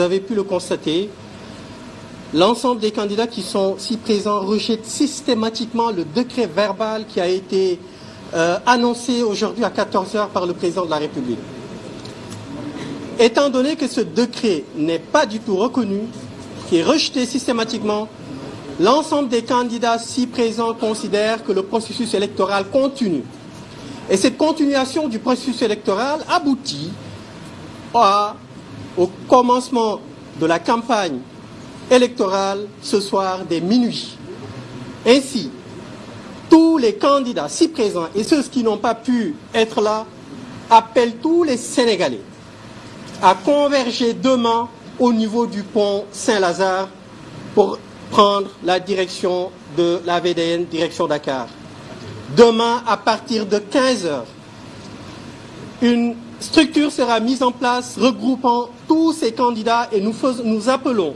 vous avez pu le constater, l'ensemble des candidats qui sont si présents rejettent systématiquement le décret verbal qui a été euh, annoncé aujourd'hui à 14 par le président de la République. Étant donné que ce décret n'est pas du tout reconnu, qui est rejeté systématiquement, l'ensemble des candidats si présents considèrent que le processus électoral continue. Et cette continuation du processus électoral aboutit à au commencement de la campagne électorale ce soir dès minuit. Ainsi, tous les candidats si présents et ceux qui n'ont pas pu être là appellent tous les Sénégalais à converger demain au niveau du pont Saint-Lazare pour prendre la direction de la VDN, direction Dakar. Demain, à partir de 15 heures, structure sera mise en place regroupant tous ces candidats et nous, faisons, nous appelons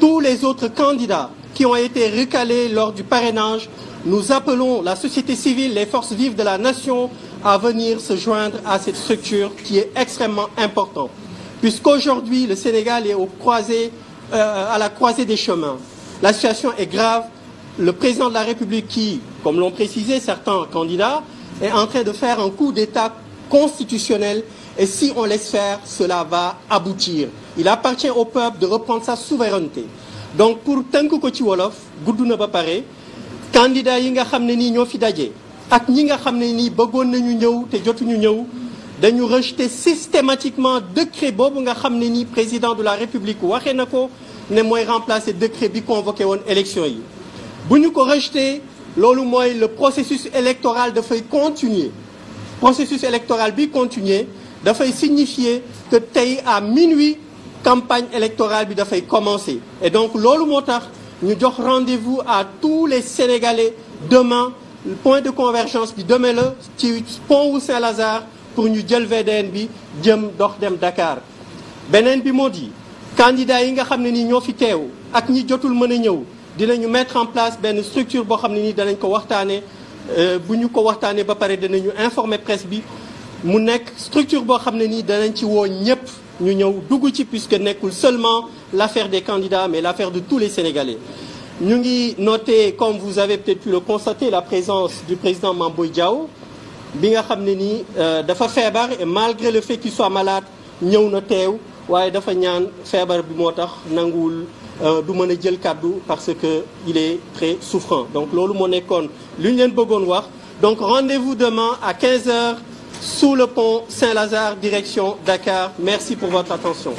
tous les autres candidats qui ont été recalés lors du parrainage. Nous appelons la société civile, les forces vives de la nation à venir se joindre à cette structure qui est extrêmement importante. Puisqu'aujourd'hui, le Sénégal est au euh, à la croisée des chemins. La situation est grave. Le président de la République qui, comme l'ont précisé certains candidats, est en train de faire un coup d'étape constitutionnelle et si on laisse faire, cela va aboutir. Il appartient au peuple de reprendre sa souveraineté. donc pour tënk ko ci wolof gudd na ba pare candidat yi nga xam ne nii ñoo fi daje ak ñi nga xam ne nii bëggoon nañu ñëw te jotuñu ñëw dañu rejeter systématiquement décret boobu nga xam ne nii président de la république waxee na ko ne mooy remplacer décret bi convoqué woon élection yi bu ñu ko rejeter loolu mooy le processus électoral dafay continuer processus électoral bi continuer dafay signifier que tey à minuit campagne électoral bi dafay commencer et donc loolu moo tax ñu jox rendez-vous à tous les Sénégalais demain point de convergence bi demain la ci pont wu Saint-Lazare pour ñu jël VDN bi jëm dox dem Dakar beneen bi moo di candidat yi nga xam ne ni ñoo fi teew ak ñi jotul mën a ñëw dinañu mettre en place benn structure boo xam ne ni danañ ko waxtaanee Euh, bu ñu ko waxtaanee ba pare danañu informer presse bi mu nekk structure boo xam ne nii danañ ci woo ñëpp ñu ñëw dugg ci puisque nekkul seulement l'affaire des candidats mais l'affaire de tous les Sénégalais ñu ngi noter comme vous avez peut le constater la présence du président Mamboy Diao bi nga xam ne nii euh, dafa feebar et malgré le fait qu'il soit malade ñëw na teew waaye dafa ñaan feebar bi moo tax nanguwul euh, du mën a jël kàddu parce que il est très souffrant donc loolu moo nekkoon lu ñu leen bëggoon wax donc rendez-vous demain à quinze heures sous le pont Saint-Lazare direction Dakar merci pour votre attention